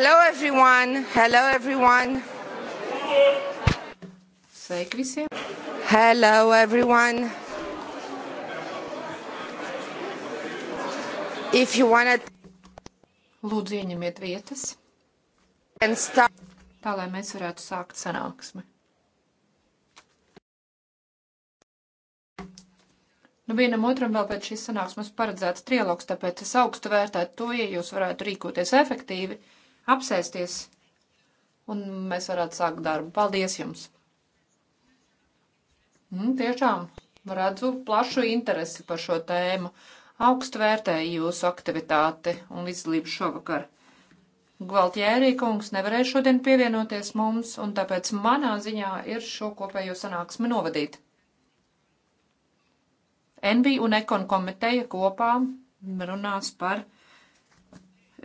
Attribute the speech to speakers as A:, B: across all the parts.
A: Hello everyone! Hello everyone! Sveiki visiem! Hello everyone! If you wanna... Lūdzu, ieņemiet vietas. And start. Tā, lai mēs varētu sākt sanāksmi. Nu, vienam otram vēl pēc šīs sanāksmes paredzēts trialogs, tāpēc es augstu vērtētu to, ja jūs varētu rīkoties efektīvi apsēsties un mēs varētu sākt darbu. Paldies jums! Mm, tiešām redzu plašu interesi par šo tēmu. Augstu vērtēju jūsu aktivitāti un izglītību šovakar. Gvaltjērī kungs nevarēja šodien pievienoties mums, un tāpēc manā ziņā ir šo kopējo sanāksmi novadīt. NB un Ekon komiteja kopā runās par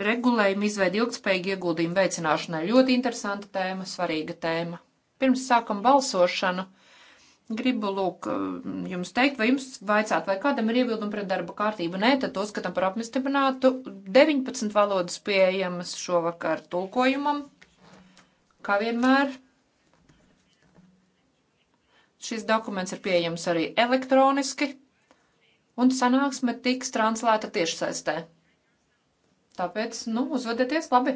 A: regulējumu izveidi ilgspējīgi ieguldījumu veicināšanai. Ļoti interesanta tēma, svarīga tēma. Pirms sākam balsošanu, gribu lūk jums teikt, vai jums vaicāt, vai kādam ir iebildumi pret darba kārtību. Nē, tad to skatām par apmistiprinātu. 19 valodas pieejamas šovakar tulkojumam, kā vienmēr. Šis dokuments ir pieejams arī elektroniski, un sanāksme tiks translēta tiešsaistē. Tāpēc, nu, uzvedieties labi.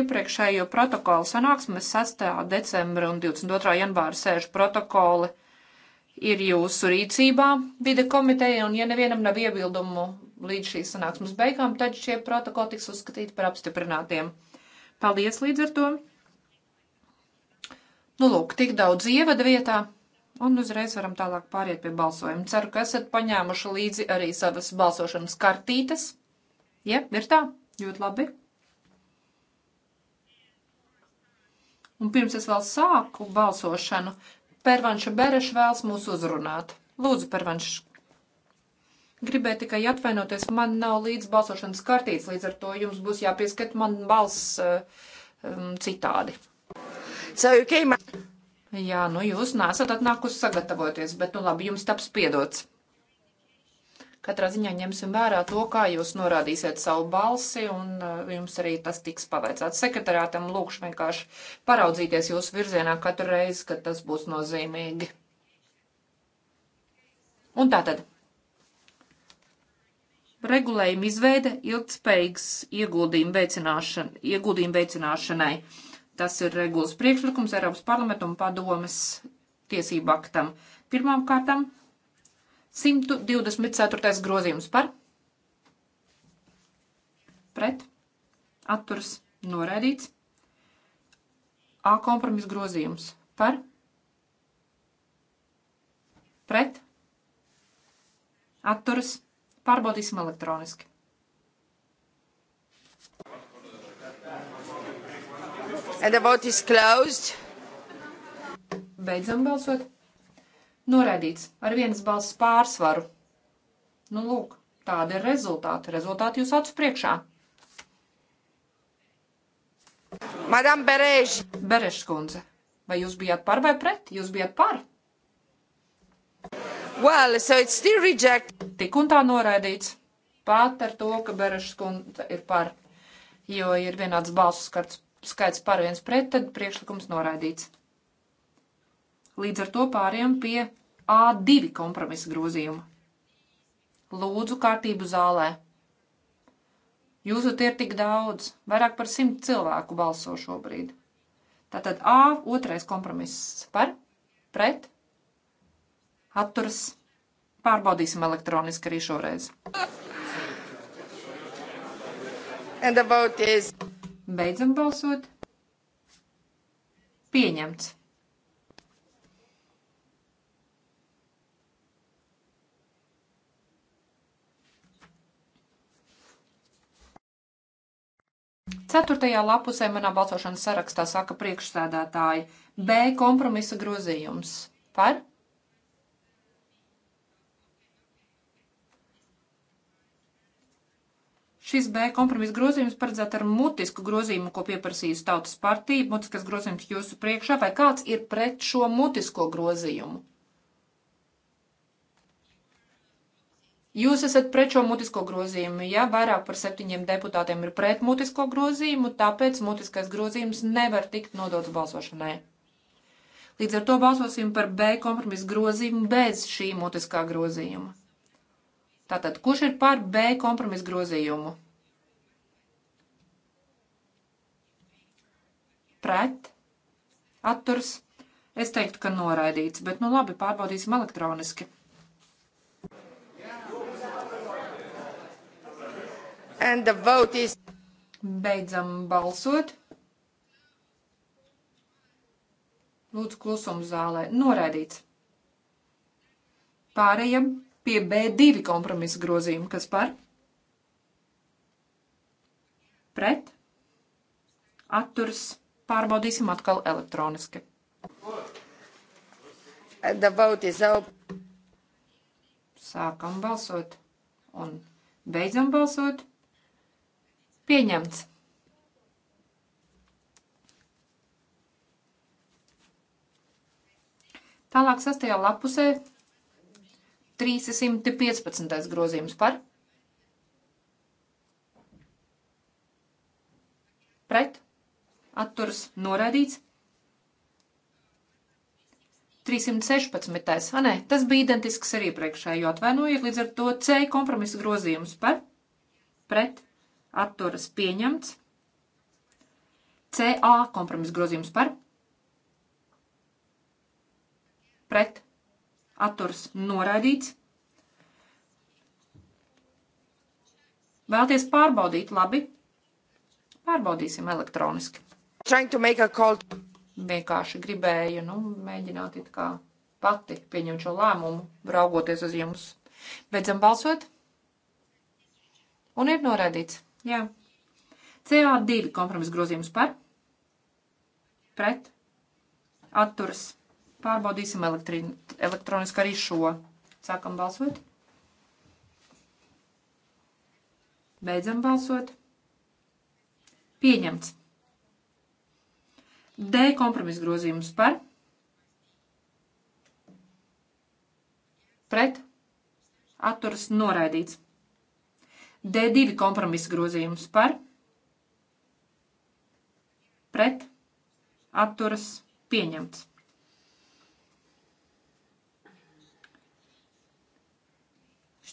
A: Iepriekšējo protokolu sanāksmes 6. decembra un 22. janvāra sēžu protokoli ir jūsu rīcībā vide komiteja, un ja nevienam nav iebildumu līdz šīs sanāksmes beigām, tad šie protokoli tiks uzskatīti par apstiprinātiem. Paldies līdz ar to! Nu, lūk, tik daudz ievada vietā. Un uzreiz varam tālāk pāriet pie balsojuma. Ceru, ka esat paņēmuši līdzi arī savas balsošanas kartītes. Ja, ir tā? Ļoti labi. Un pirms es vēl sāku balsošanu, Pervanša Bereša vēlas mūs uzrunāt. Lūdzu, Pervanš, gribēju tikai atvainoties, man nav līdz balsošanas kartītes, līdz ar to jums būs jāpieskat man balss eh, um, citādi. So, okay, man... Jā, nu jūs nesat atnākusi sagatavoties, bet nu labi, jums taps piedots. Katrā ziņā ņemsim vērā to, kā jūs norādīsiet savu balsi, un uh, jums arī tas tiks pavaicāts. Sekretariātam lūkšu vienkārši paraudzīties jūsu virzienā katru reizi, kad tas būs nozīmīgi. Un tātad. Regulējuma izveide ilgtspējīgs ieguldījumu veicināšana, ieguldījumu veicināšanai. Tas ir regulas priekšlikums Eiropas parlamentu un padomes tiesību aktam. Pirmām kārtām 124. grozījums par pret atturas noraidīts. A kompromis grozījums par pret atturas pārbaudīsim elektroniski. And the vote is closed. Beidzam balsot. Noraidīts ar vienas balss pārsvaru. Nu, lūk, tāda ir rezultāta. Rezultāti jūs acu priekšā. Madam Berež. Berež kundze, vai jūs bijāt par vai pret? Jūs bijāt par. Well, so it's still rejected. Tik un tā noraidīts. Pat ar to, ka Berež kundze ir par, jo ir vienāds balsu skats skaits par viens pret, tad priekšlikums noraidīts. Līdz ar to pāriem pie A2 kompromisa grozījuma. Lūdzu kārtību zālē. Jūsu tie ir tik daudz, vairāk par simt cilvēku balso šobrīd. Tātad A, otrais kompromiss par, pret, atturas. Pārbaudīsim elektroniski arī šoreiz. And the vote is Beidzam balsot. Pieņemts. Ceturtajā lapusē manā balsošanas sarakstā saka priekšsēdētāji B kompromisa grozījums par Šis B kompromisa grozījums paredzēt ar mutisku grozījumu, ko pieprasījusi Tautas partija. Mutiskas grozījums jūsu priekšā, vai kāds ir pret šo mutisko grozījumu? Jūs esat pret šo mutisko grozījumu, ja vairāk par septiņiem deputātiem ir pret mutisko grozījumu, tāpēc mutiskais grozījums nevar tikt nodots balsošanai. Līdz ar to balsosim par B kompromisu grozījumu bez šī mutiskā grozījuma. Tātad, kurš ir par B kompromisu grozījumu? Pret, atturs, es teiktu, ka noraidīts, bet nu labi, pārbaudīsim elektroniski. And the vote is... Beidzam balsot. Lūdzu, klusums zālē. Noraidīts. Pārējiem pie B2 kompromisa grozījuma, kas par pret atturs pārbaudīsim atkal elektroniski. Dabauties jau. Sākam balsot un beidzam balsot. Pieņemts. Tālāk sastajā lapusē 315. grozījums par pret atturas noraidīts. 316. A, ah, nē, tas bija identisks ar iepriekšējo atvainojiet, līdz ar to C kompromisa grozījums par pret atturas pieņemts. CA kompromisa grozījums par pret atturs noraidīts. Vēlties pārbaudīt, labi? Pārbaudīsim elektroniski. Vienkārši gribēju, nu, mēģināt it kā pati pieņemt šo lēmumu, raugoties uz jums. Beidzam balsot. Un ir noraidīts. Jā. CA2 kompromisa grozījums par, pret, atturas Pārbaudīsim elektri, elektroniski arī šo. Sākam balsot. Beidzam balsot. Pieņemts. D kompromisa grozījums par. Pret. Atturas noraidīts. D2 kompromisa grozījums par. Pret. Atturas pieņemts.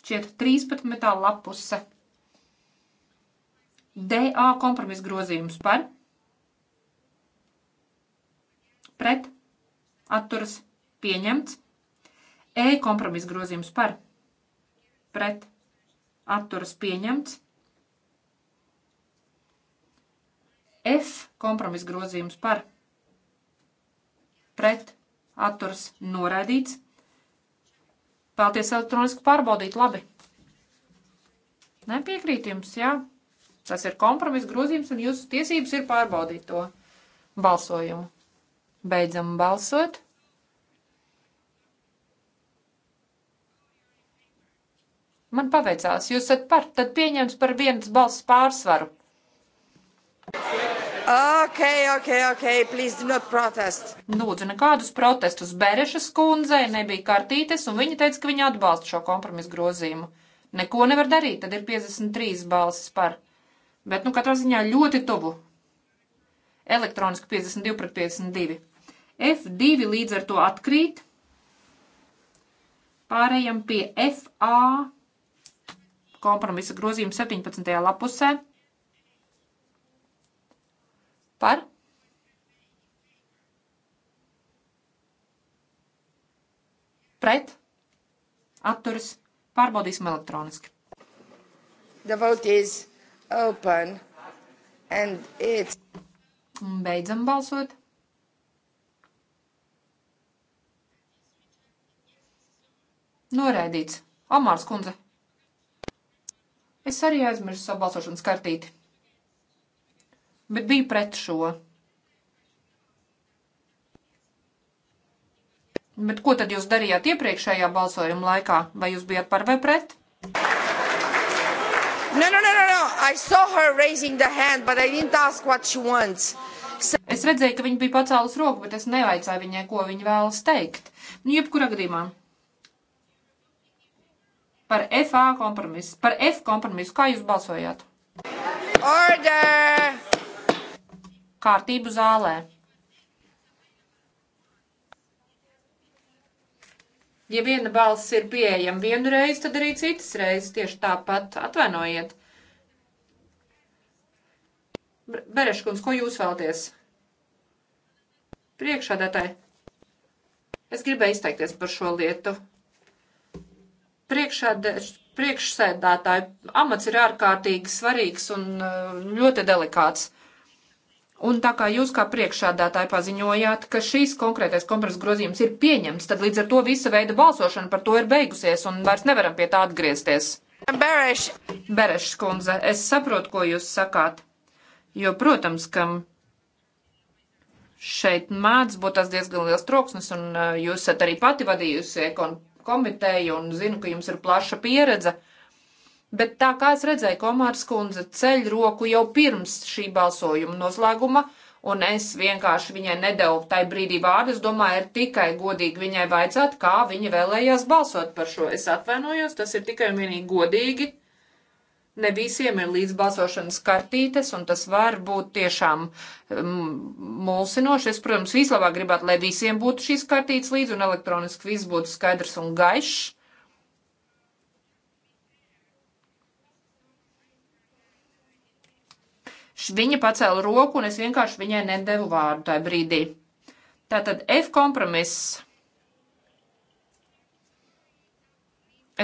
A: šķiet 13. lapuse. DA kompromisa grozījums par pret atturas pieņemts. E kompromisa grozījums par pret atturas pieņemts. F kompromisa grozījums par pret atturas noraidīts. Vēlties elektroniski pārbaudīt, labi. Nepiekrīt jums, jā. Tas ir kompromiss grozījums, un jūsu tiesības ir pārbaudīt to balsojumu. Beidzam balsot. Man paveicās, jūs esat par, tad pieņems par vienas balss pārsvaru. Yeah. Okay, okay, okay. Please do not protest. Lūdzu, nekādus protestus Berešas kundzei nebija kartītes, un viņa teica, ka viņa atbalsta šo kompromisu grozījumu. Neko nevar darīt, tad ir 53 balsis par. Bet, nu, katrā ziņā ļoti tuvu. Elektroniski 52 pret 52. F2 līdz ar to atkrīt. Pārējām pie FA kompromisa grozījuma 17. lapusē par pret atturas pārbaudīsim elektroniski. The vote is open and it's. Un beidzam balsot. Noraidīts. Amārs kundze. Es arī aizmirsu savu balsošanas kartīti bet biju pret šo. Bet ko tad jūs darījāt iepriekšējā balsojuma laikā? Vai jūs bijat par vai pret? No, no, no, no, no. I saw her raising the hand, but I didn't ask what she wants. So... Es redzēju, ka viņa bija pacēlus roku, bet es nevaicāju viņai, ko viņa vēlas teikt. Nu, jebkurā gadījumā. Par FA kompromisu, par F kompromisu, kā jūs balsojāt? Order! Kārtību zālē. Ja viena balss ir pieejama vienu reizi, tad arī citas reizes tieši tāpat atvainojiet. Bereškunds, ko jūs vēlties? Priekšādātāji. Es gribēju izteikties par šo lietu. Priekšsēdētāju amats ir ārkārtīgi svarīgs un uh, ļoti delikāts. Un tā kā jūs kā priekšādātāji paziņojāt, ka šīs konkrētais kompromisa grozījums ir pieņemts, tad līdz ar to visa veida balsošana par to ir beigusies un vairs nevaram pie tā atgriezties. Bereš. Bereš, skundze, es saprotu, ko jūs sakāt. Jo, protams, ka šeit māc būt tas diezgan liels troksnis un uh, jūs esat arī pati vadījusi komiteju un zinu, ka jums ir plaša pieredze. Uh, Bet tā kā es redzēju, Komārs kundze ceļ roku jau pirms šī balsojuma noslēguma, un es vienkārši viņai nedevu tai brīdī vārdu, es domāju, ir tikai godīgi viņai vajadzētu, kā viņa vēlējās balsot par šo. Es atvainojos, tas ir tikai un vienīgi godīgi. Ne visiem ir līdzbalsošanas kartītes, un tas var būt tiešām um, mulsinoši. Es, protams, vislabāk gribētu, lai visiem būtu šīs kartītes līdzi, un elektroniski viss būtu skaidrs un gaišs. Viņa pacēla roku, un es vienkārši viņai nedevu vārdu tajā brīdī. Tātad F kompromiss.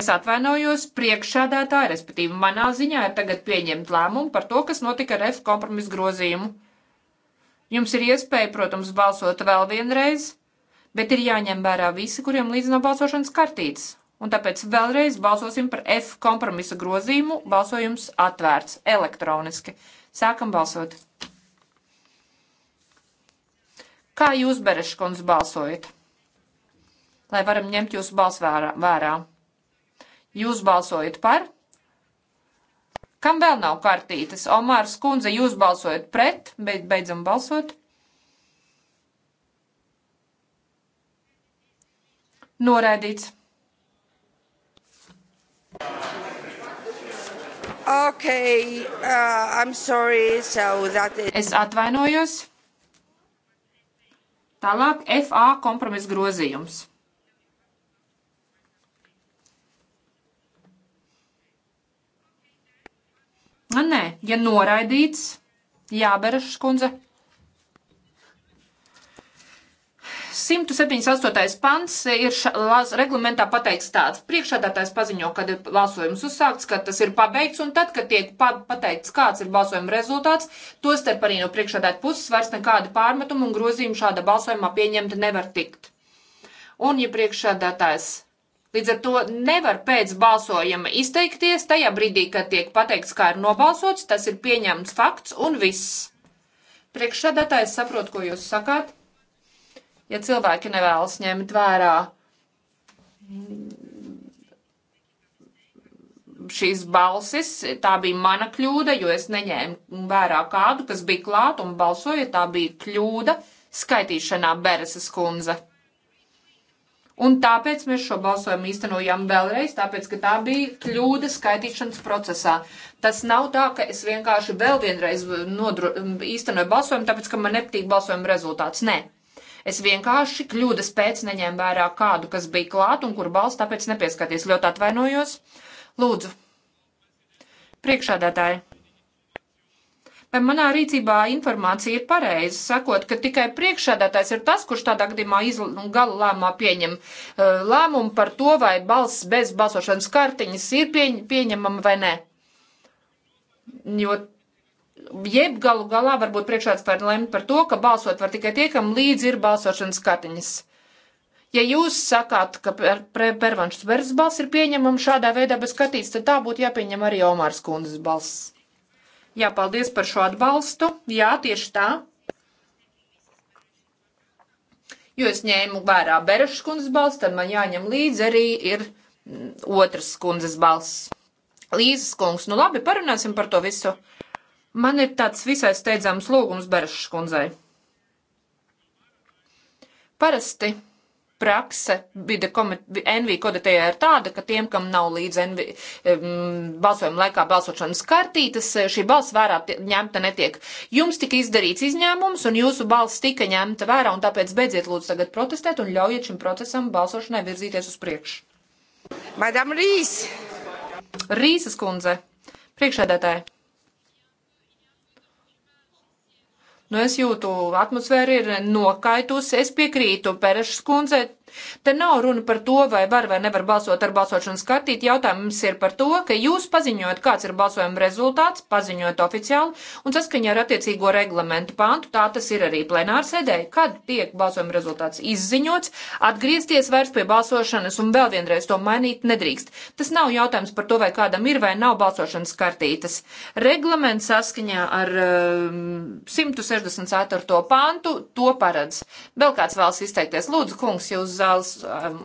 A: Es atvainojos, priekšsēdētāji, respektīvi manā ziņā ir tagad pieņemt lēmumu par to, kas notika ar F kompromisu grozījumu. Jums ir iespēja, protams, balsot vēl vienreiz, bet ir jāņem vērā visi, kuriem līdz nav balsošanas kartītes, un tāpēc vēlreiz balsosim par F kompromisa grozījumu. Balsojums atvērts elektroniski. Sākam balsot. Kā jūs, Bereškundz, balsojat? Lai varam ņemt jūsu balsu vērā. vērā. Jūs balsojat par? Kam vēl nav kartītes? Omārs Kundze, jūs balsojat pret, bet beidzam balsot. Noraidīts. Okay, uh, sorry, so that... Es atvainojos. Tālāk FA kompromisa grozījums. Nu, nē, ja noraidīts, jābereša skundze. 178. pants ir laz, reglamentā pateikts tāds. Priekšādātājs paziņo, kad ir balsojums uzsākts, kad tas ir pabeigts, un tad, kad tiek pa, pateikts, kāds ir balsojuma rezultāts, to starp arī no priekšādātāja puses vairs nekāda pārmetuma un grozījuma šāda balsojumā pieņemta nevar tikt. Un, ja priekšādātājs Līdz ar to nevar pēc balsojuma izteikties tajā brīdī, kad tiek pateikts, kā ir nobalsots, tas ir pieņemts fakts un viss. Priekšsēdētājs saprot, ko jūs sakāt ja cilvēki nevēlas ņemt vērā šīs balsis, tā bija mana kļūda, jo es neņēmu vērā kādu, kas bija klāt un balsoja, tā bija kļūda skaitīšanā Bereses kundze. Un tāpēc mēs šo balsojumu īstenojam vēlreiz, tāpēc, ka tā bija kļūda skaitīšanas procesā. Tas nav tā, ka es vienkārši vēl vienreiz nodru, īstenoju balsojumu, tāpēc, ka man nepatīk balsojuma rezultāts. Nē. Ne. Es vienkārši kļūdas pēc neņēmu vērā kādu, kas bija klāt un kur balss, tāpēc nepieskaties. Ļoti atvainojos. Lūdzu. Priekšādātāji. Vai manā rīcībā informācija ir pareiza, sakot, ka tikai priekšsēdētājs ir tas, kurš tādā gadījumā izl... gala lēmumā pieņem uh, lēmumu par to, vai balss bez balsošanas kartiņas ir pieņ pieņemama vai nē? Jo jeb galu galā varbūt priekšāds var lemt par to, ka balsot var tikai tie, kam līdz ir balsošanas kartiņas. Ja jūs sakāt, ka pervanšas verzes balss ir pieņemama šādā veidā bez skatīts, tad tā būtu jāpieņem arī Omārs kundzes balss. Jā, paldies par šo atbalstu. Jā, tieši tā. Jo es ņēmu vērā Berešas kundzes balss, tad man jāņem līdzi arī ir mm, otras kundzes balss. Līzes kungs, nu labi, parunāsim par to visu Man ir tāds visai steidzams lūgums Berešas kundzei. Parasti prakse bija NV kodetējā ir tāda, ka tiem, kam nav līdz NV um, balsojuma laikā balsošanas kartītes, eh, šī balss vērā ņemta netiek. Jums tika izdarīts izņēmums un jūsu balss tika ņemta vērā un tāpēc beidziet lūdzu tagad protestēt un ļaujiet šim procesam balsošanai virzīties uz priekšu. Madam Rīs! Rīsas kundze, priekšēdētāji. Nu, es jūtu, atmosfēra ir nokaitusi. Es piekrītu Perešas kundzei Te nav runa par to, vai var vai nevar balsot ar balsošanu skatīt. Jautājums ir par to, ka jūs paziņojat, kāds ir balsojuma rezultāts, paziņojat oficiāli un saskaņā ar attiecīgo reglamentu pāntu. Tā tas ir arī plenārsēdē, kad tiek balsojuma rezultāts izziņots. Atgriezties vairs pie balsošanas un vēl vienreiz to mainīt nedrīkst. Tas nav jautājums par to, vai kādam ir vai nav balsošanas kartītes. Reglaments saskaņā ar um, 164. pāntu to paredz. Vēl kāds vēlas izteikties. Lūdzu, kungs, jūs zāles um,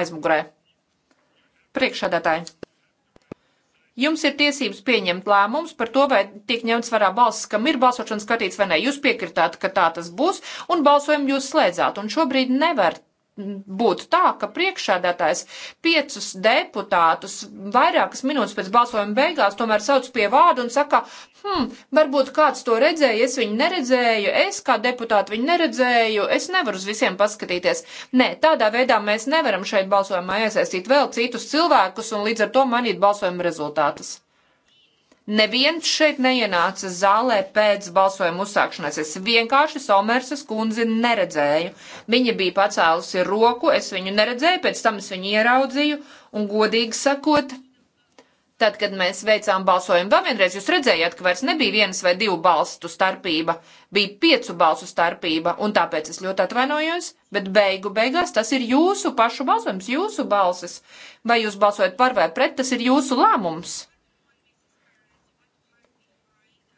A: aizmugurē. Priekšādātāji. Jums ir tiesības pieņemt lēmumus par to, vai tiek ņemts vērā balsis, kam ir balsošanas skatīts vai nē. Jūs piekritāt, ka tā tas būs, un balsojumu jūs slēdzāt. Un šobrīd nevar būtu tā, ka priekšādātājs piecus deputātus vairākas minūtes pēc balsojuma beigās tomēr sauc pie vārdu un saka, hmm, varbūt kāds to redzēja, es viņu neredzēju, es kā deputāti viņu neredzēju, es nevaru uz visiem paskatīties. Nē, tādā veidā mēs nevaram šeit balsojumā iesaistīt vēl citus cilvēkus un līdz ar to manīt balsojuma rezultātus. Neviens šeit neienāca zālē pēc balsojuma uzsākšanās. Es vienkārši Somersas kundzi neredzēju. Viņa bija pacēlusi roku, es viņu neredzēju, pēc tam es viņu ieraudzīju un godīgi sakot, tad, kad mēs veicām balsojumu, vēl vienreiz jūs redzējāt, ka vairs nebija vienas vai divu balstu starpība, bija piecu balstu starpība, un tāpēc es ļoti atvainojos, bet beigu beigās tas ir jūsu pašu balsojums, jūsu balsis. Vai jūs balsojat par vai pret, tas ir jūsu lēmums.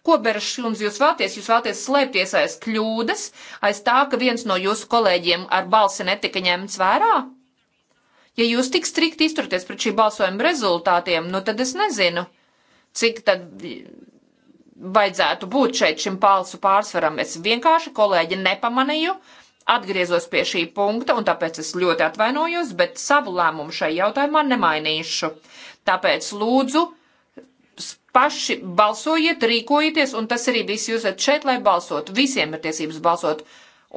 A: Ko, Bereškundze, jūs vēlaties? Jūs vēlaties slēpties aiz kļūdas, aiz tā, ka viens no jūsu kolēģiem ar balsi netika ņemts vērā? Ja jūs tik strikti izturties pret šī balsojuma rezultātiem, nu tad es nezinu, cik tad vajadzētu būt šeit šim palsu pārsvaram. Es vienkārši kolēģi nepamanīju, atgriezos pie šī punkta, un tāpēc es ļoti atvainojos, bet savu lēmumu šai jautājumā nemainīšu. Tāpēc lūdzu, paši balsojiet, rīkojieties, un tas arī viss jūs esat šeit, lai balsot. Visiem ir tiesības balsot.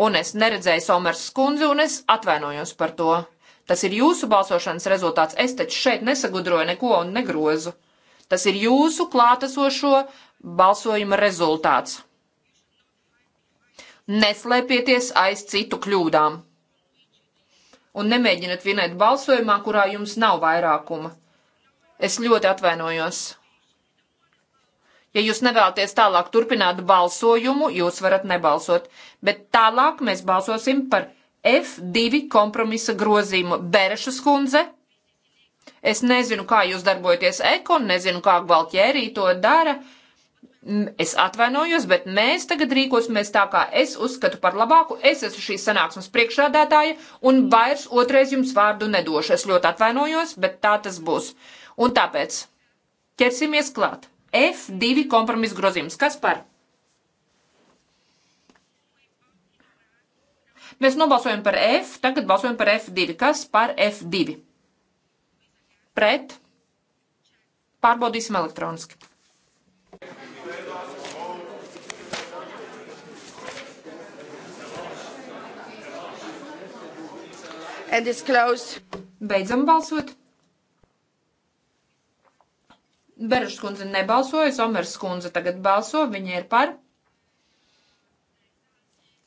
A: Un es neredzēju Somers skundzi, un es atvainojos par to. Tas ir jūsu balsošanas rezultāts. Es taču šeit nesagudroju neko un negrozu. Tas ir jūsu klātesošo balsojuma rezultāts. Neslēpieties aiz citu kļūdām. Un nemēģiniet vinēt balsojumā, kurā jums nav vairākuma. Es ļoti atvainojos. Ja jūs nevēlaties tālāk turpināt balsojumu, jūs varat nebalsot, bet tālāk mēs balsosim par F2 kompromisa grozījumu Berešas kundze. Es nezinu, kā jūs darbojaties ekon, nezinu, kā Gvaltjērī to dara. Es atvainojos, bet mēs tagad rīkosimies tā, kā es uzskatu par labāku. Es esmu šīs sanāksmes priekšādātāja un vairs otrais jums vārdu nedošu. Es ļoti atvainojos, bet tā tas būs. Un tāpēc ķersimies klāt. F2 kompromisa grozījums. Kas par? Mēs nobalsojam par F, tagad balsojam par F2. Kas par F2? Pret. Pārbaudīsim elektroniski. And it's closed. Beidzam balsot. Beržas kundze nebalsoja, Somers kundze tagad balso, viņa ir par.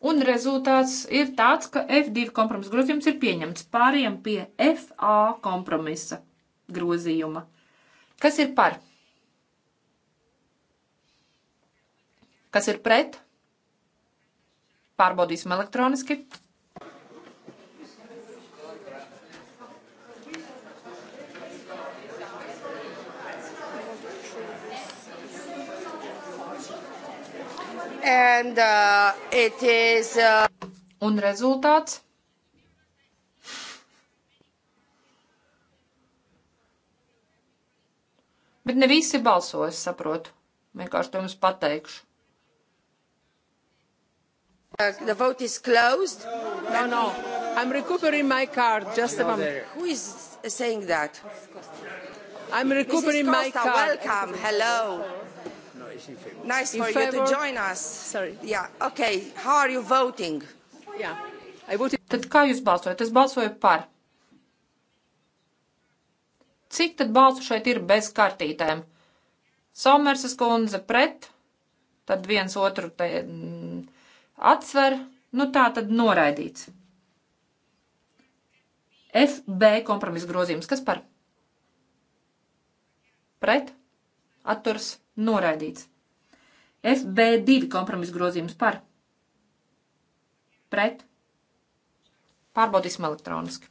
A: Un rezultāts ir tāds, ka F2 kompromisa grozījums ir pieņemts. Pāriem pie FA kompromisa grozījuma. Kas ir par? Kas ir pret? Pārbaudīsim elektroniski. and uh, it is. Uh... Un rezultāts? Bet ne visi balso, es saprotu. Vienkārši to jums pateikšu. Uh, the vote is closed. No, no. I'm recuperating my card. Just a moment. Who is saying that? I'm recuperating Costa, my card. Welcome. Hello.
B: Nice for favor? you to join
A: us. Sorry. Yeah. Okay. How are you voting? Yeah. I voted. Tad kā jūs balsojat? Es balsoju par. Cik tad balsu šeit ir bez kartītēm? Somersas kundze pret, tad viens otru te mm, atsver, nu tā tad noraidīts. FB kompromisa grozījums, kas par? Pret? atturs noraidīts. FB2 kompromisa grozījums par pret pārbaudīsim elektroniski.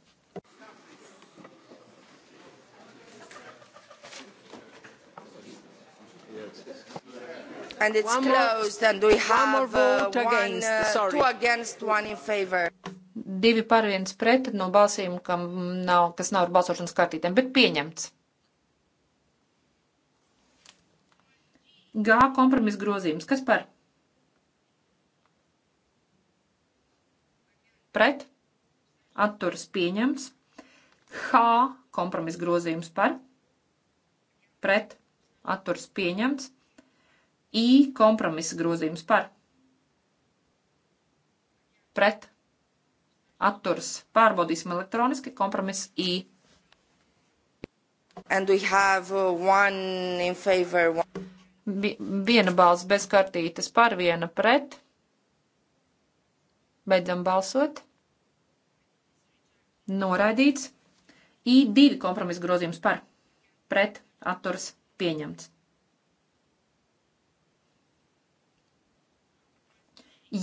A: And it's one closed, and we have uh, one, uh, sorry. two against, one in favor divi par viens pret no balsīm, kam nav, kas nav ar balsošanas kartītēm, bet pieņemts. G kompromisa grozījums. Kas par? Pret. Atturas pieņemts. H kompromisa grozījums par. Pret. Atturas pieņemts. I kompromisa grozījums par. Pret. Atturas. Pārbaudīsim elektroniski. Kompromiss I. And we have uh, one in favor, Viena balss bez kartītes par, viena pret. Beidzam balsot. Noraidīts. I divi kompromisa grozījums par, pret, atturs pieņemts.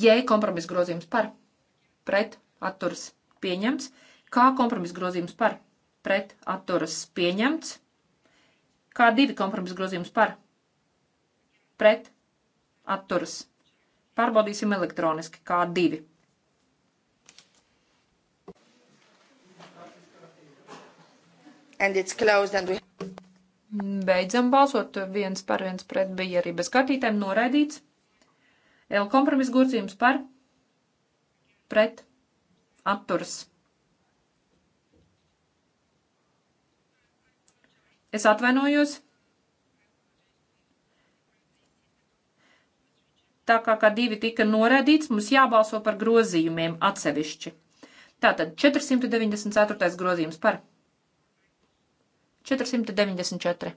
A: J kompromisa grozījums par, pret, atturs pieņemts. K kompromisa grozījums par, pret, atturs pieņemts. K divi kompromisa grozījums par, pret pret atturas. Pārbaudīsim elektroniski kā divi. And it's closed and we... Beidzam balsot, viens par viens pret bija arī bez kartītēm noraidīts. L kompromis grozījums par pret atturas. Es atvainojos. tā kā, kā divi tika noraidīts, mums jābalso par grozījumiem atsevišķi. Tātad 494. grozījums par 494.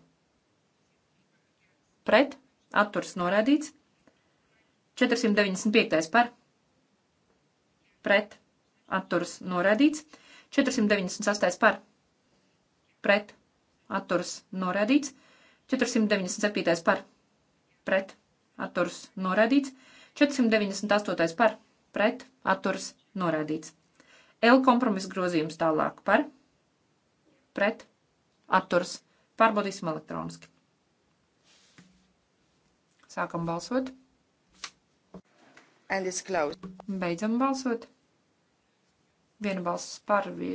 A: Pret atturs noraidīts. 495. par pret atturs noraidīts. 498. par pret atturs noraidīts. 497. par pret atturs norādīts. 498. par pret atturs norādīts. L kompromisa grozījums tālāk par pret atturs. Pārbaudīsim elektroniski. Sākam balsot. And it's closed. Beidzam balsot. Viena balss par vi...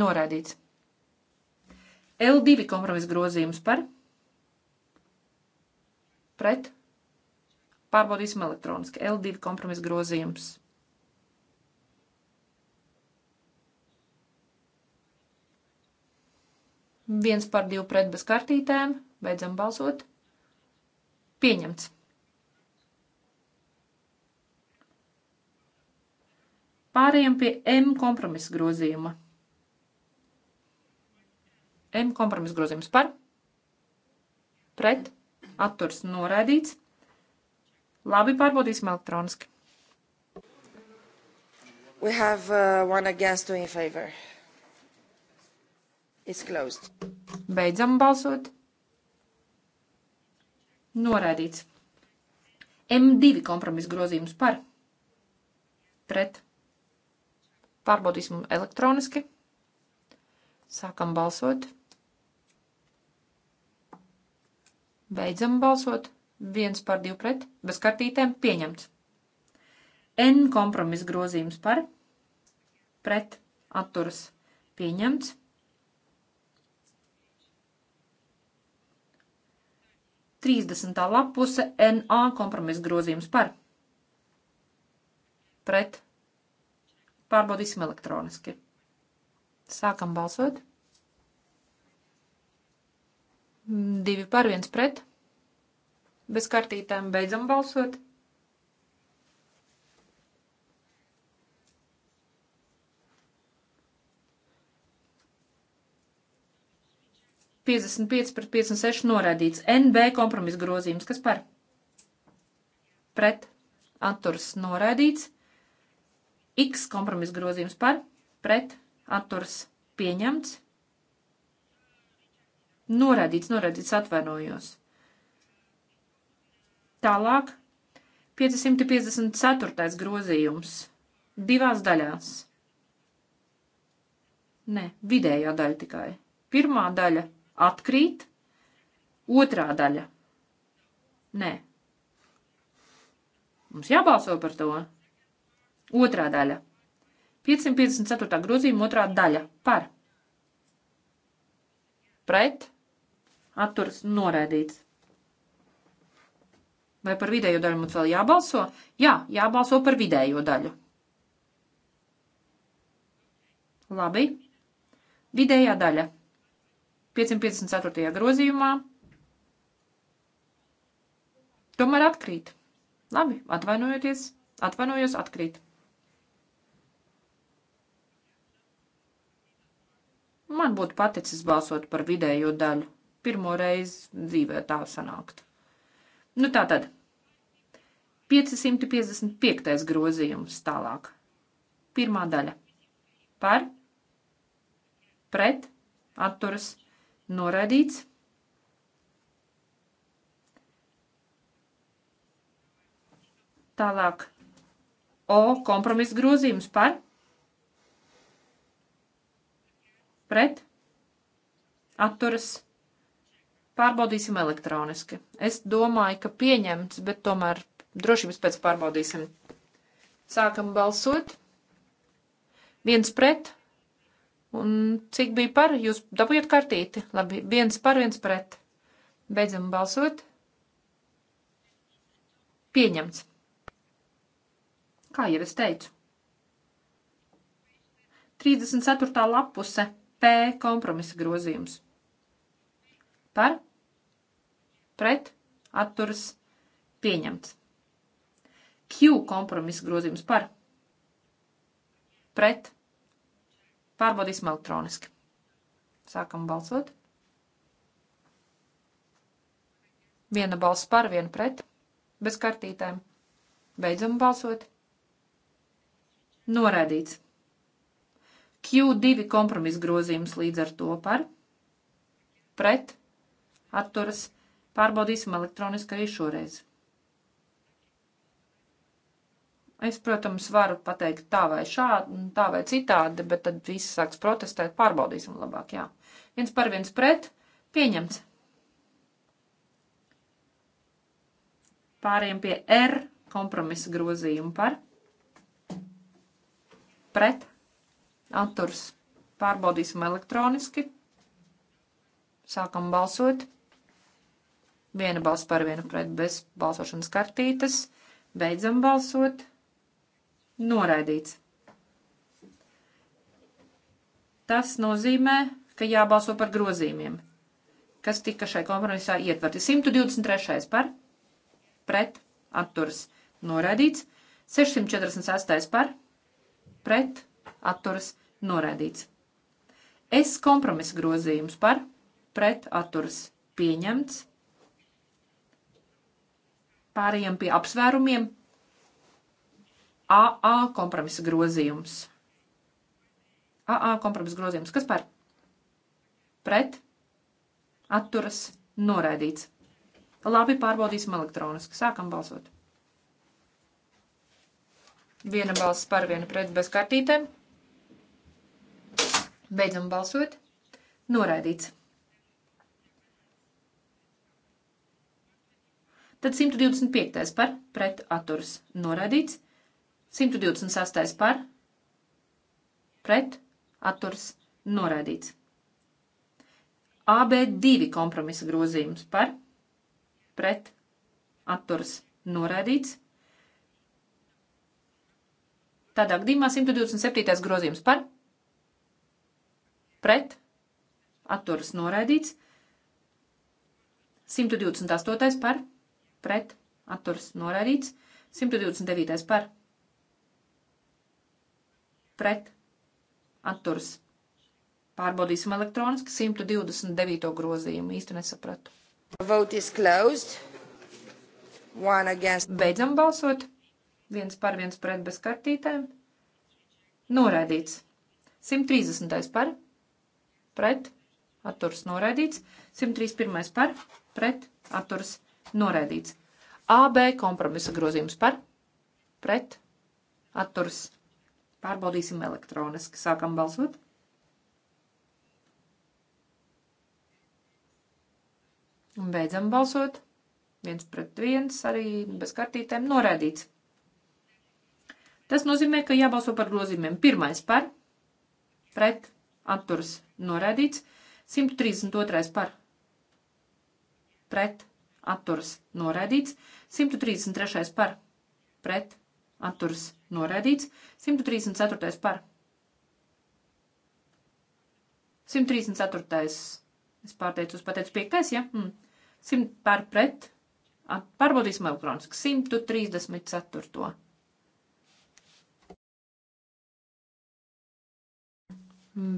A: norādīts. L2 kompromisa grozījums par pret pret. Pārbaudīsim elektroniski. L2 kompromisa grozījums. Viens par divu pret bez kartītēm. Beidzam balsot. Pieņemts. Pārējiem pie M kompromisa grozījuma. M kompromisa grozījums par, pret, atturs noraidīts. Labi, pārbaudīsim elektroniski. We have uh, one against, two in favor. It's closed. Beidzam balsot. Noraidīts. M2 kompromisa grozījums par. Pret. Pārbaudīsim elektroniski. Sākam balsot. Beidzam balsot. Viens par divu pret, bez kartītēm pieņemts. N kompromis grozījums par, pret, atturas pieņemts. Trīsdesmitā lapuse NA kompromis grozījums par, pret, pārbaudīsim elektroniski. Sākam balsot. Divi par viens pret. Bez kartītēm beidzam balsot. Piecdesmit pieci pret piecdesmit seši noraidīts. NB kompromis grozījums. Kas par? Pret. Atturs noraidīts. X kompromis grozījums par. Pret. Atturs pieņemts. Noraidīts, noraidīts, atvainojos. Tālāk 554. grozījums divās daļās. Nē, vidējā daļa tikai. Pirmā daļa atkrīt, otrā daļa. Nē. Mums jābalso par to. Otrā daļa. 554. grozījuma otrā daļa par. Pret atturas noraidīts. Vai par vidējo daļu mums vēl jābalso? Jā, jābalso par vidējo daļu. Labi. Vidējā daļa. 554. grozījumā. Tomēr atkrīt. Labi, atvainojoties, atvainojos, atkrīt. Man būtu paticis balsot par vidējo daļu pirmo reizi dzīvē tā sanākt. Nu tā tad. 555. grozījums tālāk. Pirmā daļa. Par, pret, atturas, noraidīts. Tālāk. O kompromisa grozījums par, pret, atturas, noraidīts Pārbaudīsim elektroniski. Es domāju, ka pieņemts, bet tomēr drošības pēc pārbaudīsim. Sākam balsot. Viens pret. Un cik bija par? Jūs dabūjat kartīti. Labi, viens par, viens pret. Beidzam balsot. Pieņemts. Kā jau es teicu. 34. lapuse P kompromisa grozījums. Par pret atturas pieņemts. Q kompromisa grozījums par pret pārbaudīsim elektroniski. Sākam balsot. Viena balss par, viena pret, bez kartītēm. Beidzam balsot. Noraidīts. Q2 kompromisa grozījums līdz ar to par, pret, atturas, Pārbaudīsim elektroniski arī šoreiz. Es, protams, varu pateikt tā vai šādi, tā vai citādi, bet tad visi sāks protestēt. Pārbaudīsim labāk, jā. Viens par viens pret, pieņemts. Pāriem pie R kompromisa grozījumu par pret atturs. Pārbaudīsim elektroniski. Sākam balsot. Viena balss par vienu pret bez balsošanas kartītes. Beidzam balsot. Noraidīts. Tas nozīmē, ka jābalso par grozījumiem, kas tika šai kompromisā ietverti. 123. par, pret, atturas, noraidīts. 648. par, pret, atturas, noraidīts. Es kompromisa grozījums par, pret, atturas, pieņemts. Pārējiem pie apsvērumiem. AA kompromisa grozījums. AA kompromisa grozījums. Kas par? Pret? Atturas? Noraidīts. Labi, pārbaudīsim elektroniski. Sākam balsot. Viena balss par, viena pret bez kartītēm. Beidzam balsot. Noraidīts. Tad 125. par pret atturas noraidīts. 128. par pret atturas noraidīts. AB2 kompromisa grozījums par pret atturas noraidīts. Tādā gadījumā 127. grozījums par pret atturas noraidīts. 128. par pret pret atturs norādīts. 129. par pret atturs. Pārbaudīsim elektroniski 129. grozījumu. Īsti nesapratu. Vote is closed. One against. Beidzam balsot. Viens par viens pret bez kartītēm. Noraidīts. 130. par pret atturs noraidīts. 131. par pret atturs noraidīts noraidīts. AB kompromisa grozījums par, pret, atturs. Pārbaudīsim elektroniski. Sākam balsot. Un beidzam balsot. Viens pret viens arī bez kartītēm noraidīts. Tas nozīmē, ka jābalso par grozījumiem. Pirmais par, pret, atturs noraidīts. 132. par, pret, atturas noraidīts, 133. par pret atturas noraidīts, 134. par 134. Es pārteicu, es pateicu 5. Ja? Mm. 100 par pret. At, pārbaudīsim elektroniski. 134.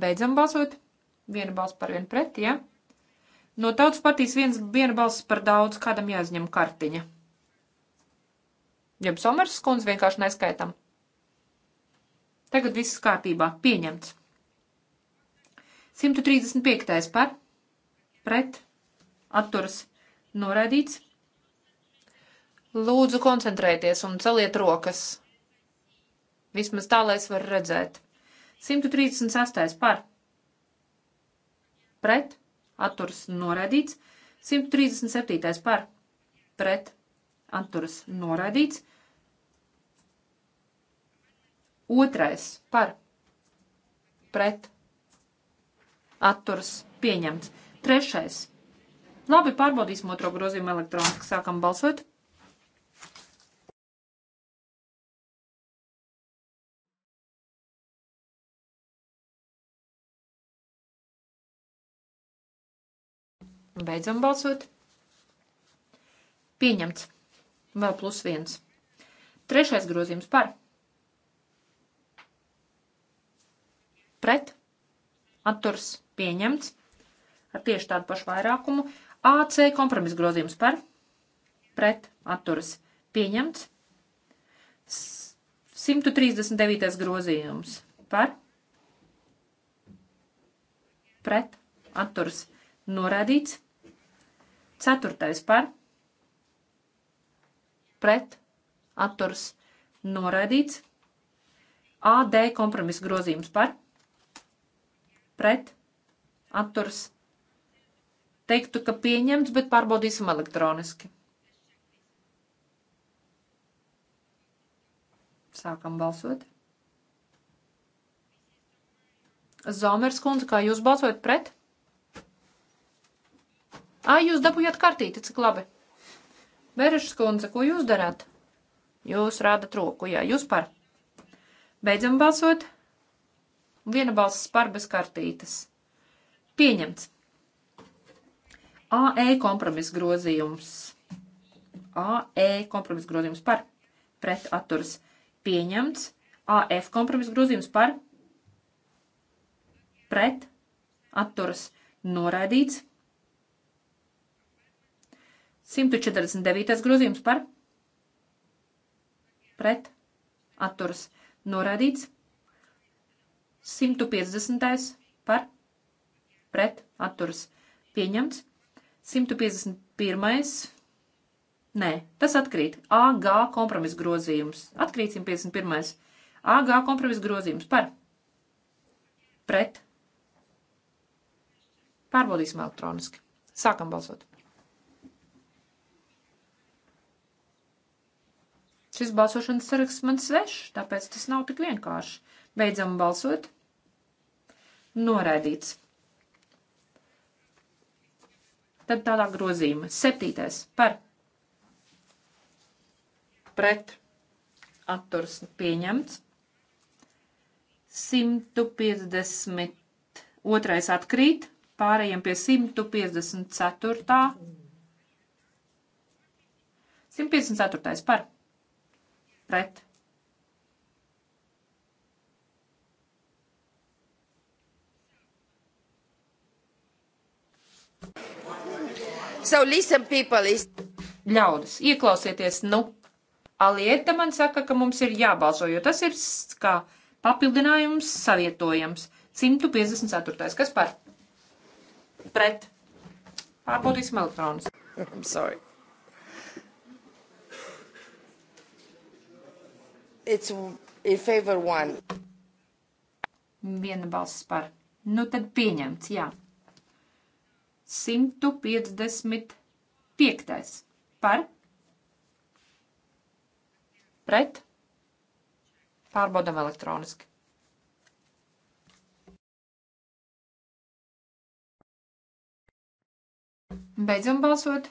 A: Beidzam balsot. Viena balss par vienu pret, ja? No tautas partijas viens viena balss par daudz, kādam jāizņem kartiņa. Jeb Somers skundz vienkārši neskaitam. Tagad viss kārtībā. Pieņemts. 135. par, pret, atturas, noraidīts. Lūdzu koncentrēties un celiet rokas. Vismaz tā, lai es varu redzēt. 136. par, pret, atturas noraidīts. 137. par pret atturas noraidīts. Otrais par pret atturas pieņemts. Trešais. Labi, pārbaudīsim otro grozījumu elektroniski. Sākam balsot. Beidzam balsot. Pieņemts. Vēl plus viens. Trešais grozījums par. Pret. Atturs pieņemts. Ar tieši tādu pašu vairākumu. AC kompromis grozījums par. Pret. Atturs pieņemts. 139. grozījums par. Pret. Atturs norādīts. Ceturtais par pret atturs noraidīts. AD kompromisa grozījums par pret atturs teiktu, ka pieņemts, bet pārbaudīsim elektroniski. Sākam balsot. Zomers kundze, kā jūs balsojat pret? Ā, jūs dabūjāt kartīti, cik labi. Berešas kundze, ko jūs darāt? Jūs rādat roku, jā, jūs par. Beidzam balsot. Viena balss par bez kartītes. Pieņemts. AE kompromis grozījums. AE kompromis grozījums par. Pret atturas. Pieņemts. AF kompromis grozījums par. Pret atturas. Noraidīts. 149. grozījums par pret atturas norādīts. 150. par pret atturas pieņemts. 151. Nē, tas atkrīt. AG kompromisa grozījums. Atkrīt 151. AG kompromisa grozījums par pret. Pārbaudīsim elektroniski. Sākam balsot. Šis balsošanas saraksts man svešs, tāpēc tas nav tik vienkārši. Beidzam balsot. Noraidīts. Tad tādā grozījuma. Septītais par pret atturs pieņemts. 152. atkrīt, pārējiem pie 154. 154. par pret. So listen, people, is... Ļaudis, ieklausieties, nu, Alieta man saka, ka mums ir jābalso, jo tas ir kā papildinājums savietojams. 154. Kas par? Pret. Pārbaudīsim elektronis. I'm sorry. It's in favor one. Viena balss par. Nu tad pieņemts, jā. 155. Par. Pret. Pārbaudam elektroniski. Beidzam balsot.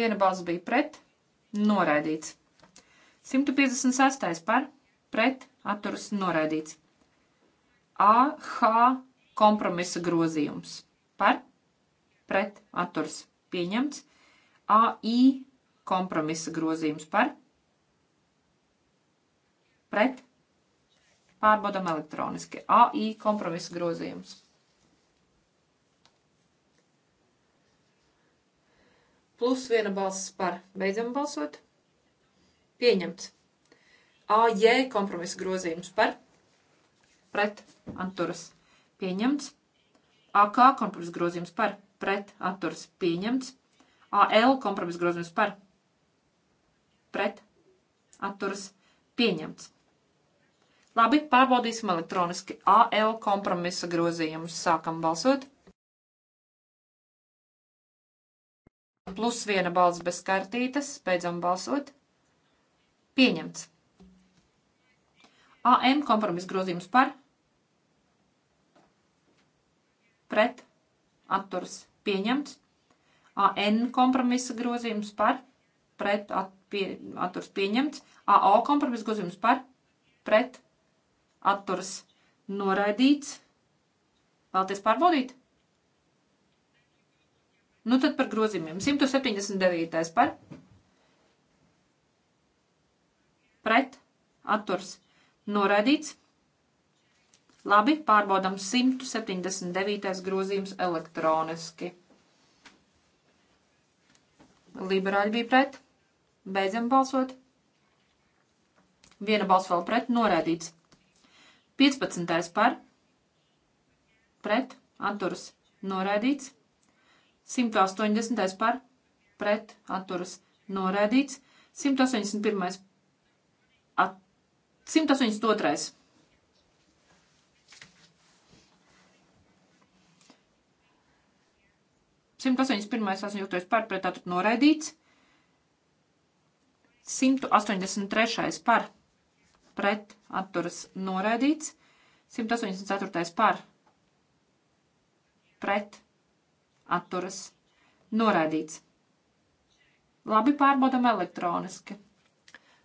A: Viena balss bija pret. Noraidīts. 158. par pret atturas noraidīts. AH kompromisa grozījums par pret atturas pieņemts. AI kompromisa grozījums par pret pārbaudam elektroniski. AI kompromisa grozījums. Plus viena balss par. Beidzam balsot. Pieņemts. AJ kompromisa grozījums par pret atturas pieņemts. AK kompromisa grozījums par pret atturas pieņemts. AL kompromisa grozījums par pret atturas pieņemts. Labi, pārbaudīsim elektroniski AL kompromisa grozījumus. Sākam balsot. Plus viena balss bez kartītes. Beidzam balsot. Pieņemts. AM kompromisa grozījums par, pret, atturas pieņemts. AN kompromisa grozījums par, pret, at, pie, atturas pieņemts. AO kompromisa grozījums par, pret, atturas noraidīts. Vēlties pārbaudīt? Nu tad par grozījumiem. 179. par, pret, atturs, noraidīts. Labi, pārbaudam 179. grozījums elektroniski. Liberāļi bija pret. Beidzam balsot. Viena balss vēl pret, noraidīts. 15. par, pret, atturas, noraidīts. 180. par, pret, atturas, noraidīts. 181. At 182. Simt astoņdesmit pirmais astoņdesmit par pret tātad noraidīts. 183. par pret atturas noraidīts. 184. par pret atturas noraidīts. Labi pārbaudam elektroniski.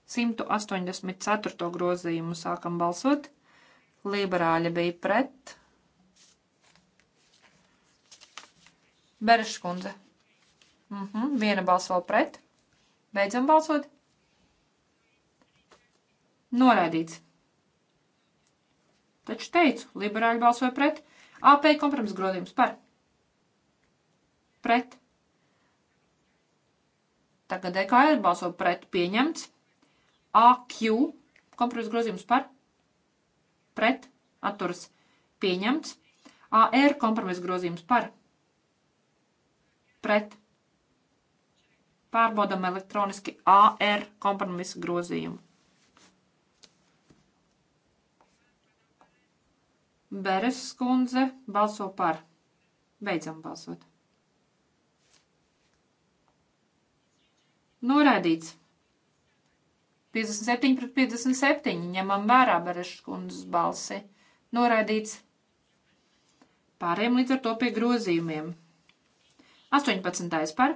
A: 184. grozījumu sākam balsot. Liberāļi bija pret. Bereškundze. Mhm, uh -huh, viena balss vēl pret. Beidzam balsot. Noraidīts. Taču teicu, liberāļi balsoja pret. AP kompromiss grozījums par. Pret. Tagad EKR balso pret pieņemts. AQ kompromisa grozījums par pret atturas pieņemts. AR kompromisa grozījums par pret pārbaudam elektroniski AR kompromisa grozījumu. Beres skundze balso par. Beidzam balsot. Noraidīts. 57 pret 57, ņemam vērā Berešas kundzes balsi. Noraidīts. Pārējiem līdz ar to pie grozījumiem. 18. par.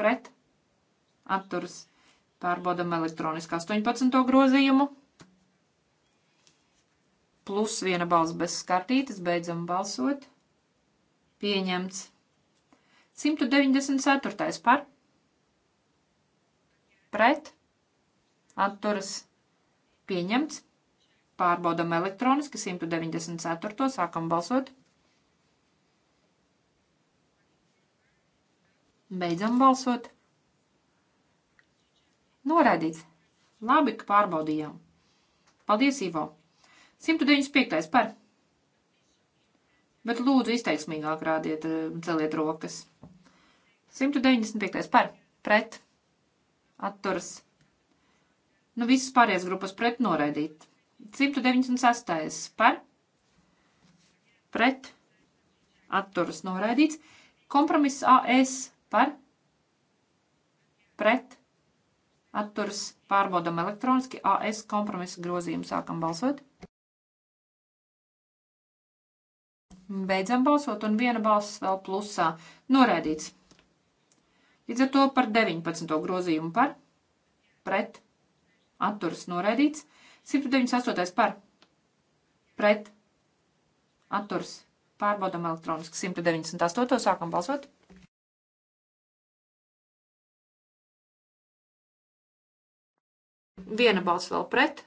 A: Pret. Atturs. Pārbaudam elektroniski 18. grozījumu. Plus viena balss bez skartītes. Beidzam balsot. Pieņemts. 194. par pret, atturas pieņemts. Pārbaudam elektroniski 194. sākam balsot. Beidzam balsot. Noraidīts. Labi, ka pārbaudījām. Paldies, Ivo. 195. par. Bet lūdzu izteiksmīgāk rādiet, celiet rokas. 195. par. Pret atturas. Nu, visas pārējās grupas pret noraidīt. 196. par pret atturas noraidīts. Kompromiss AS par pret atturas pārbaudam elektroniski. AS kompromisa grozījumu sākam balsot. Beidzam balsot un viena balss vēl plusā. Noraidīts. Līdz ar to par 19. grozījumu par, pret, atturas noraidīts, 198. par, pret, atturas, pārbaudam elektroniski, 198. sākam balsot. Viena balss vēl pret,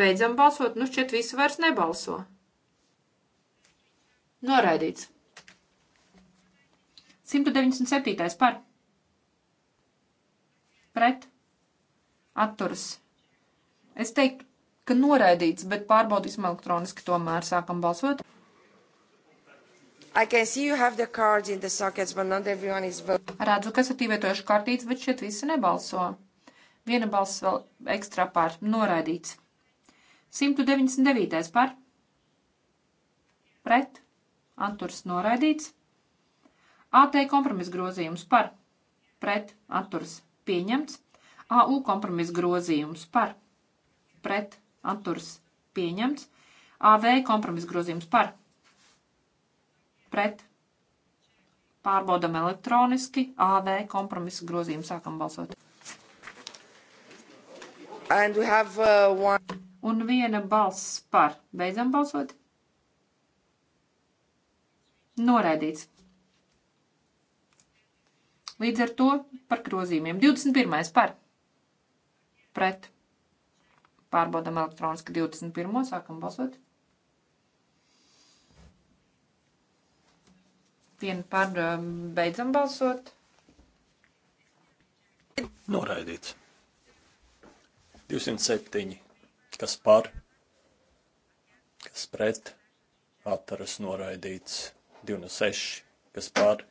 A: beidzam balsot, nu šķiet visi vairs nebalso. Noraidīts. 197. par pret, atturas. Es teiktu, ka noraidīts, bet pārbaudīsim elektroniski tomēr sākam balsot. Sockets, is... Redzu, ka esat ievietojuši kartītes, bet šeit visi nebalso. Viena balss vēl ekstra pār noraidīts. 199. par pret atturs noraidīts. AT kompromis grozījums par pret atturs pieņemts. AU kompromisa grozījums par pret atturs pieņemts. AV kompromisa grozījums par pret pārbaudam elektroniski. AV kompromisa grozījumu sākam balsot. And we have uh, one. Un viena balss par. Beidzam balsot. Noraidīts. Līdz ar to par grozījumiem. 21. par pret. Pārbaudam elektroniski 21. sākam balsot. Vienu par um, beidzam balsot.
B: Noraidīts. 207. Kas par? Kas pret? Atturas noraidīts. 26. Kas par?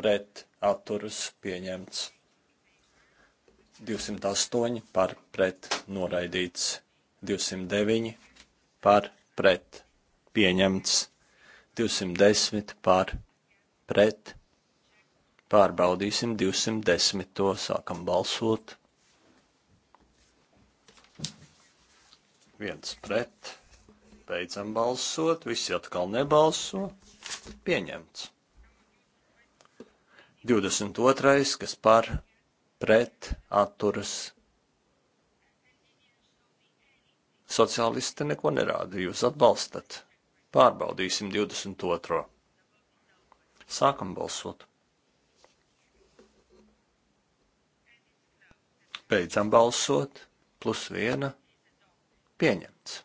B: pret atturas pieņemts. 208 par pret noraidīts. 209 par pret pieņemts. 210 par pret. Pārbaudīsim 210. To sākam balsot. Viens pret. Beidzam balsot. Visi atkal nebalso. Pieņemts. 22. kas par pret atturas. Sociālisti neko nerāda, jūs atbalstat. Pārbaudīsim 22. Sākam balsot. Beidzam balsot. Plus viena. Pieņemts.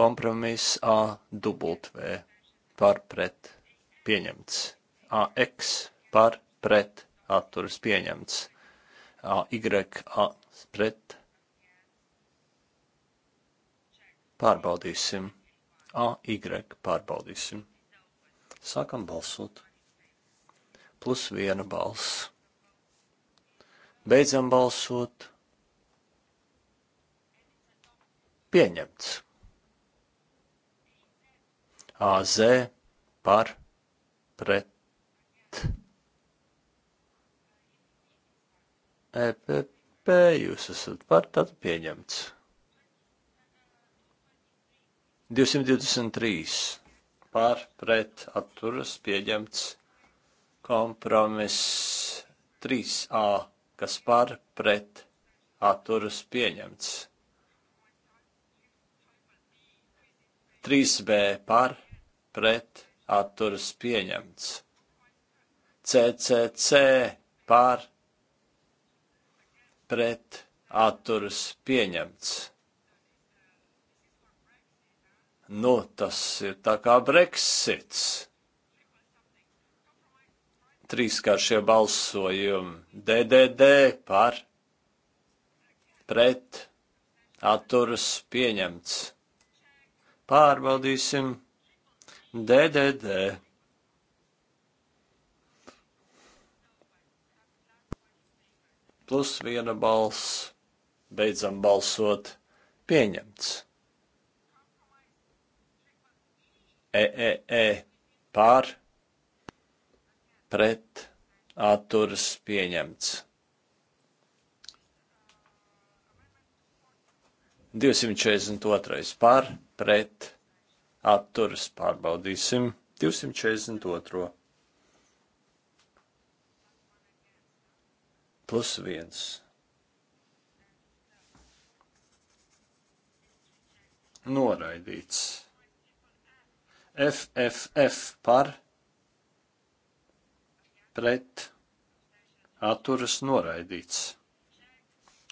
B: Kompromiss A dubult V. Par pret. Pieņemts. AX par pret atturas pieņemts. AY A pret. Pārbaudīsim. AY pārbaudīsim. Sākam balsot. Plus viena balss. Beidzam balsot. Pieņemts. AZ par pret EPP jūs esat par, tad pieņemts. 223 par, pret, atturas, pieņemts. Kompromiss 3A, kas par, pret, atturas, pieņemts. 3B par, pret, atturas, pieņemts. CCC pār pret atturas pieņemts. Nu, tas ir tā kā Brexits. Trīskāršie balsojumi DDD par pret atturas pieņemts. Pārbaudīsim DDD. plus viena balss. Beidzam balsot. Pieņemts. EEE e, e, e pār pret atturas pieņemts. 242 pār pret atturas pārbaudīsim 242. plus viens. Noraidīts. FFF par pret atturas noraidīts.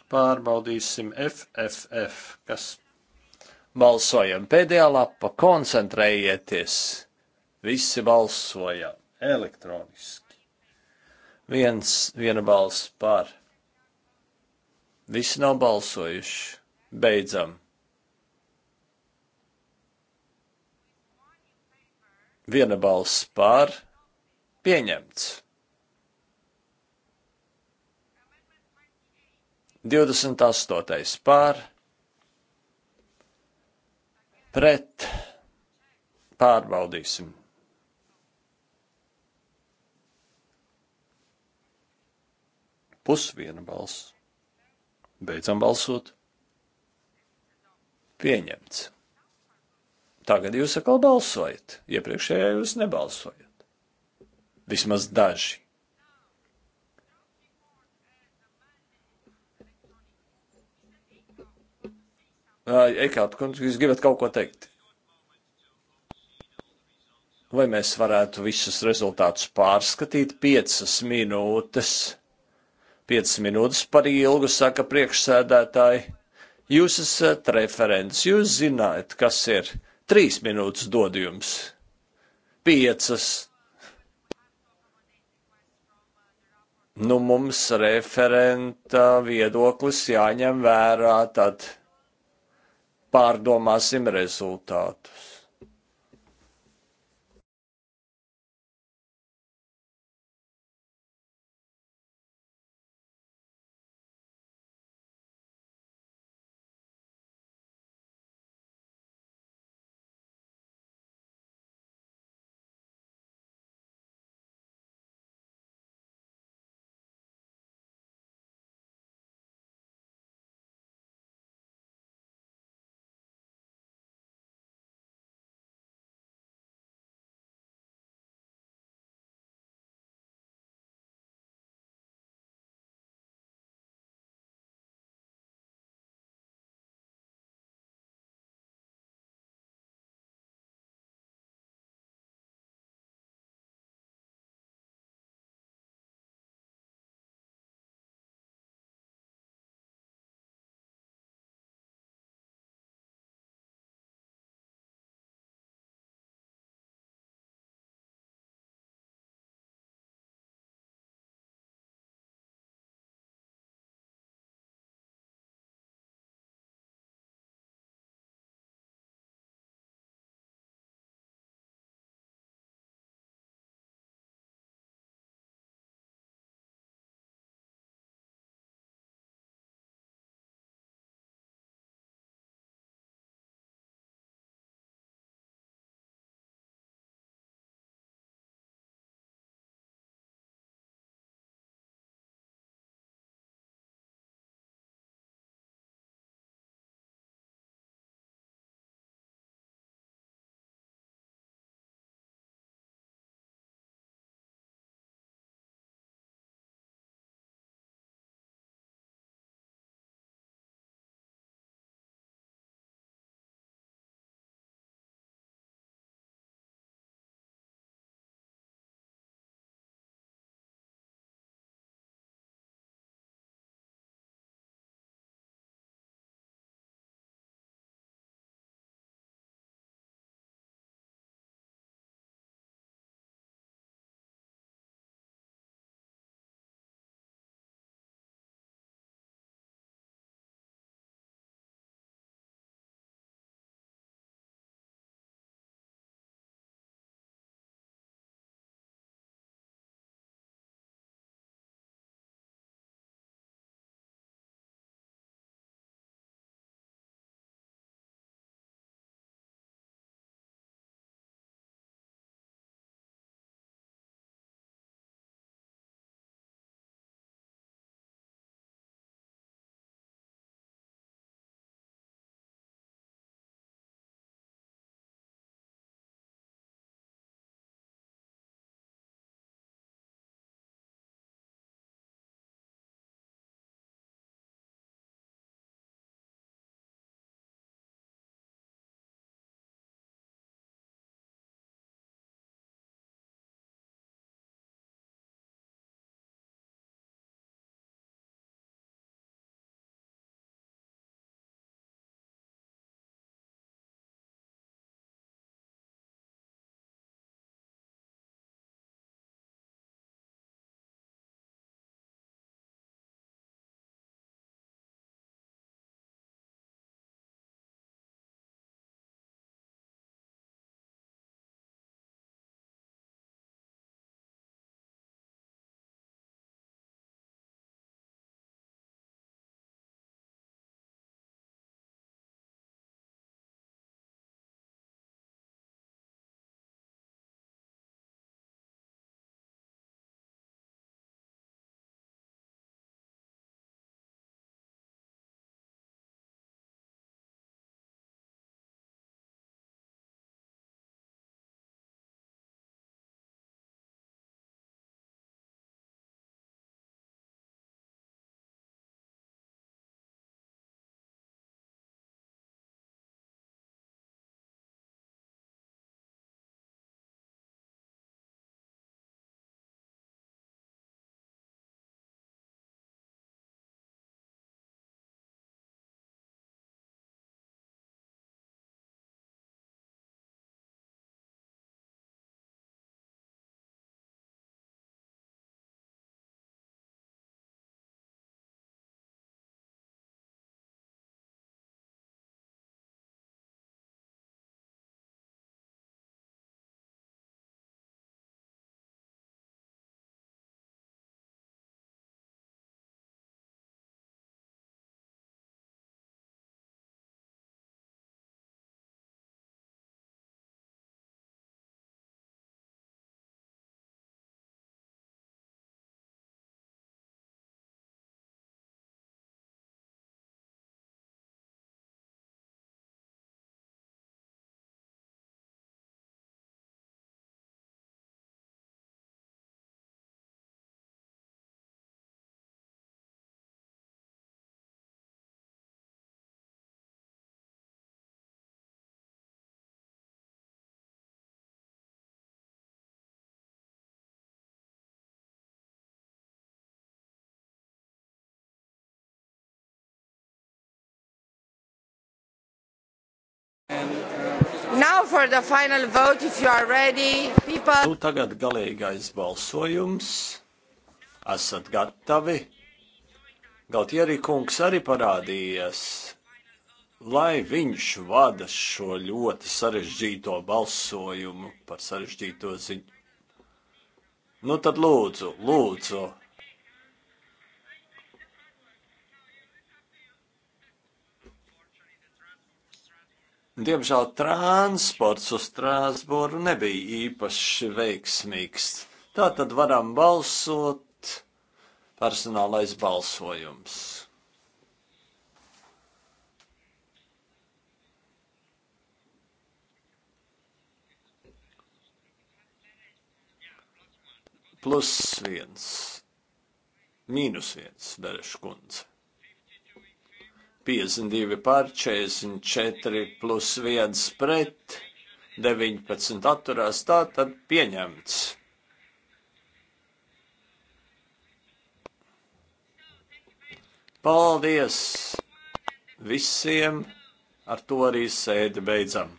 B: Pārbaudīsim FFF, kas balsojam. Pēdējā lapa, koncentrējieties. Visi balsojam elektroniski. Viens, viena balss par. Visi nav balsojuši. Beidzam. Viena balss par. Pieņemts. 28. pār, pret, pārbaudīsim. Pusviena balss. Beidzam balsot. Pieņemts. Tagad jūs atkal balsojat. Iepriekšējā jūs nebalsojat. Vismaz daži. Ekāpt, kundze, jūs gribat kaut ko teikt? Vai mēs varētu visus rezultātus pārskatīt piecas minūtes? 5 minūtes par ilgu, saka priekšsēdētāji. Jūs esat referents, jūs zināt, kas ir. 3 minūtes dod jums. 5. Nu, mums referenta viedoklis jāņem vērā, tad pārdomāsim rezultātu.
A: Vote, ready, people...
B: Nu, tagad galīgais balsojums. Esat gatavi? Galtieri kungs arī parādījies, lai viņš vada šo ļoti sarežģīto balsojumu par sarežģīto ziņu. Nu tad lūdzu, lūdzu, Diemžēl transports uz Strāsbūru nebija īpaši veiksmīgs. Tā tad varam balsot personālais balsojums. plus viens, mīnus viens, Bereša kundze. 52 pār 44 plus 1 pret 19 atturās, tā tad pieņemts. Paldies visiem! Ar to arī sēdi beidzam.